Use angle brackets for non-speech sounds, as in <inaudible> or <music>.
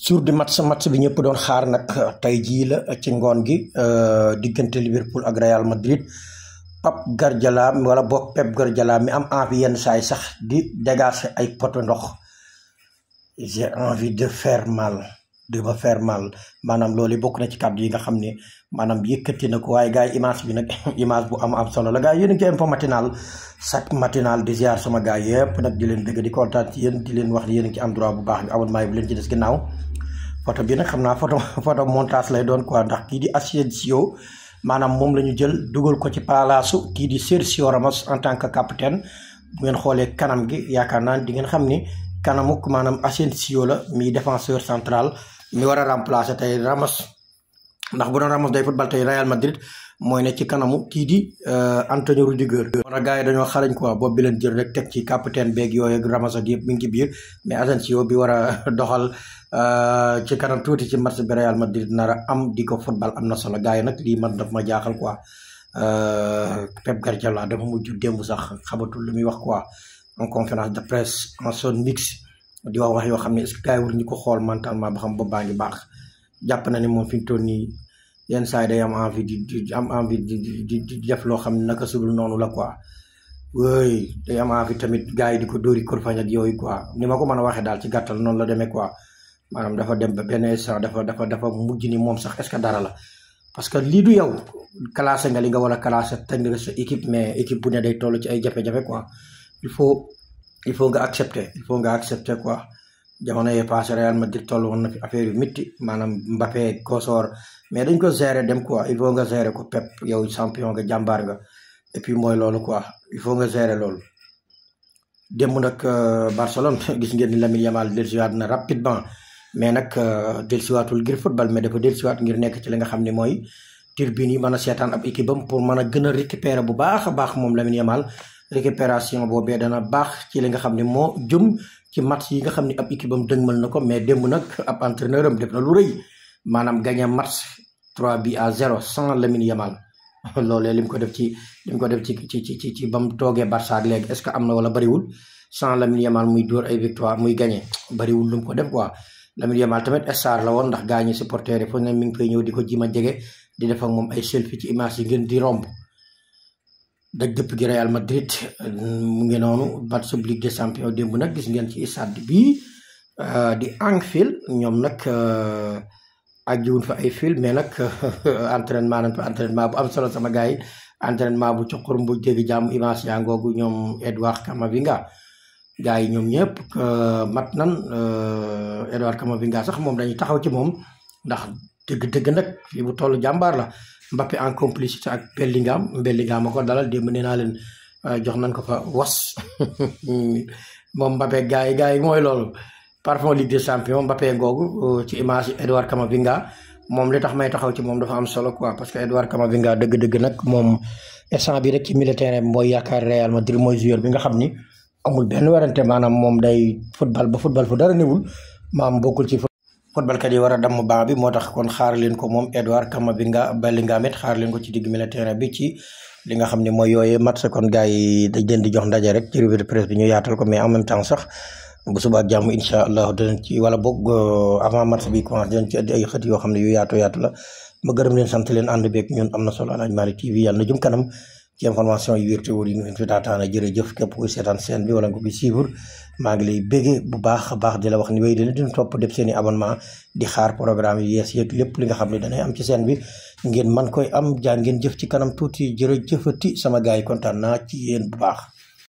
jour du match match bi ñëpp doon xaar nag euh, tey jii la euh, ci ngoon gi euh, diggante Liverpool ak Real Madrid Pep Guardiola wala boog Pep Guardiola mi am envie yenn saay sax di dégager ay poto ndox j'ai envie de faire mal de me faire mal maanaam loolu bokk na ci kàddu yi nga xam ne maanaam yëkkati na ko waaye gars yi image bi nag <laughs> image bu am am solo la gars yi a ngi ci info matinal chaque matinal di ziar sama gars yëpp nag di leen ci yéen di leen wax ne yéen bu baax bi abonnement bi bu leen ci des ginnaaw foto bi nag xam naa photo photo montage lay doon quoi ndax kii di Asensio maanaam moom la ñu jël dugal ko ci palaasu kii di Sergio Ramos en tant que capitaine bu ngeen xoolee kanam gi yaaka naa di ngeen xam ni kanamuk maanaam Asensio la mi défenseur central mi war a remplacer tey Ramos ndax bu doon Ramos day football tey Real Madrid mooy ne ci kanamu kii di euh, Antonio Rudiger. kon nag gars yi dañoo xarañ quoi bopp bi leen jël rek teg ci capitaine beeg yooyu ak Ramos ak yëpp mi bi war a <laughs> doxal. Euh, ci kanam tuuti ci match bi Real Madrid nar a am di ko football am na solo gars yi nag lii man daf ma jaaxal quoi euh, Pep Guardiola dafa mujj démb sax xamatul lu muy wax quoi en conférence de presse en zone mixte di wax wax yoo xam ne est-ce que gars yi war ñu ko xool mentalement ba xam ba baa ngi baax jàpp na ne moom fi mu toll nii yenn saa day am envie di am envie di di def loo xam ne naka sudul noonu la quoi. wooy day am envie tamit yi di ko dóori kurfañ ak yooyu quoi ni ma ko mën a waxee daal ci gàttal noonu la demee quoi. maanaam dafa dem ba benn instant dafa dafa dafa mujj ni moom sax est-ce dara la parce que lii du yow classé nga li nga war a classé teg sa équipe mais équipe bu ne day toll ci ay jafe-jafe il faut il faut nga accepter nga accepter quoi jamono yee passé Real Madrid toll woon na affaire yu métti maanaam Mbappé Kosoor mais dañ ko gérer dem quoi il faut nga gérer ko Pep yow champion nga jàmbaar nga et puis mooy loolu quoi il faut nga gérer loolu. démb nag euh, Barcelone <laughs> gis ngeen ni Lamine Yamal dellusiwaat na rapidement. mais nag euh, dellusiwaatul ngir football mais dafa dellusiwaat ngir nekk ci li nga xam ne mooy turbine yi mën a seetaan ab équipe pour mën a gën a récupérer bu baax a baax moom Lamine Yamal récupération boobee dana baax ci li nga xam ne moo jëm ci match yi nga xam ne ab équipe am dëgmal na ko mais démb nag ab entraîneur am def na lu rëy maanaam gagné match 3 bi à 0 sans Lamine Yamal <laughs> loolee lim ko def ci lim ko def ci ci ci ci ba mu toogee Barça ak léegi est-ce que am na wala bariwul sans Lamine Yamal muy dóor ay victoire muy gagné bariwul lu mu ko def quoi. Lamine Yamal tamit star la woon ndax gaa ñi supporter yi fu ne mi ngi fay ñëw di ko jima jege di def moom ay selfie ci image yi ngeen di romb daj dëpp gi Real Madrid mu ngi noonu bat sub Ligue des Champions démb nag gis ngeen ci stade bii euh, di Anfield ñoom nag euh, àjjiwuñ fa ay fil mais nag <laughs> entraînement nañ fa entraînement bu am solo sama gars yi entraînement bu coxor mbu jéggi jàmm image yaa ngoogu ñoom Edouard Camavinga gars yi ñoom ñëpp euh, mat nan euh, Edouard nga sax moom dañuy taxaw ci moom ndax dëgg-dëgg nag fi bu toll jàmbaar la Mbappé en complicité ak Bellingham Bellingham ma ko dalal démb nee naa leen euh, jox nañ ko fa was <laughs> moom Mbappé gars yi gars yi mooy loolu parfum Ligue des Champions Mbappé googu ci image Edouard Camavinga moom li tax may taxaw ci moom dafa am solo quoi parce que Edouard Camavinga dëgg-dëgg nag moom instant bi rek ci militaire mooy yaakaar Real Madrid mooy joueur bi nga xam ni amul benn werante maanaam moom day football ba football fu dara newul maam bokkul ci footballkat yi war a damm baa bi moo tax kon xaar leen ko moom Edouard Camavinga a it xaar leen ko ci digg milieu terrain bi ci li nga xam ne mooy yooyee match kon gars yi dañ leen di jox ndaje rek ci revue de presse bi ñu yaatal ko mais am même temps sax bu subaa jàmm incha allah dinañ ci wala boog euh, avant match bi commencé dinañ ci indi yoo xam ne yu yaatu yaatu la ma sant leen ànd beeg ñun am na solo Aladji Malick TV yàlla na jëm kanam ci information yi wér te wóor yi nga fi taataana jërëjëf képp kuy seetaan seen bi wala nga ko maa ngi lay béggee bu baax a baax di la wax ni wéy dina dina topp def seen i abonnement di xaar programme yi yees yeeg lépp li nga xam ne danay am ci seen bi ngeen man koy am jaa ngeen jëf ci kanam tuuti jërëjëfati sama gars yi kontaan naa ci yéen bu baax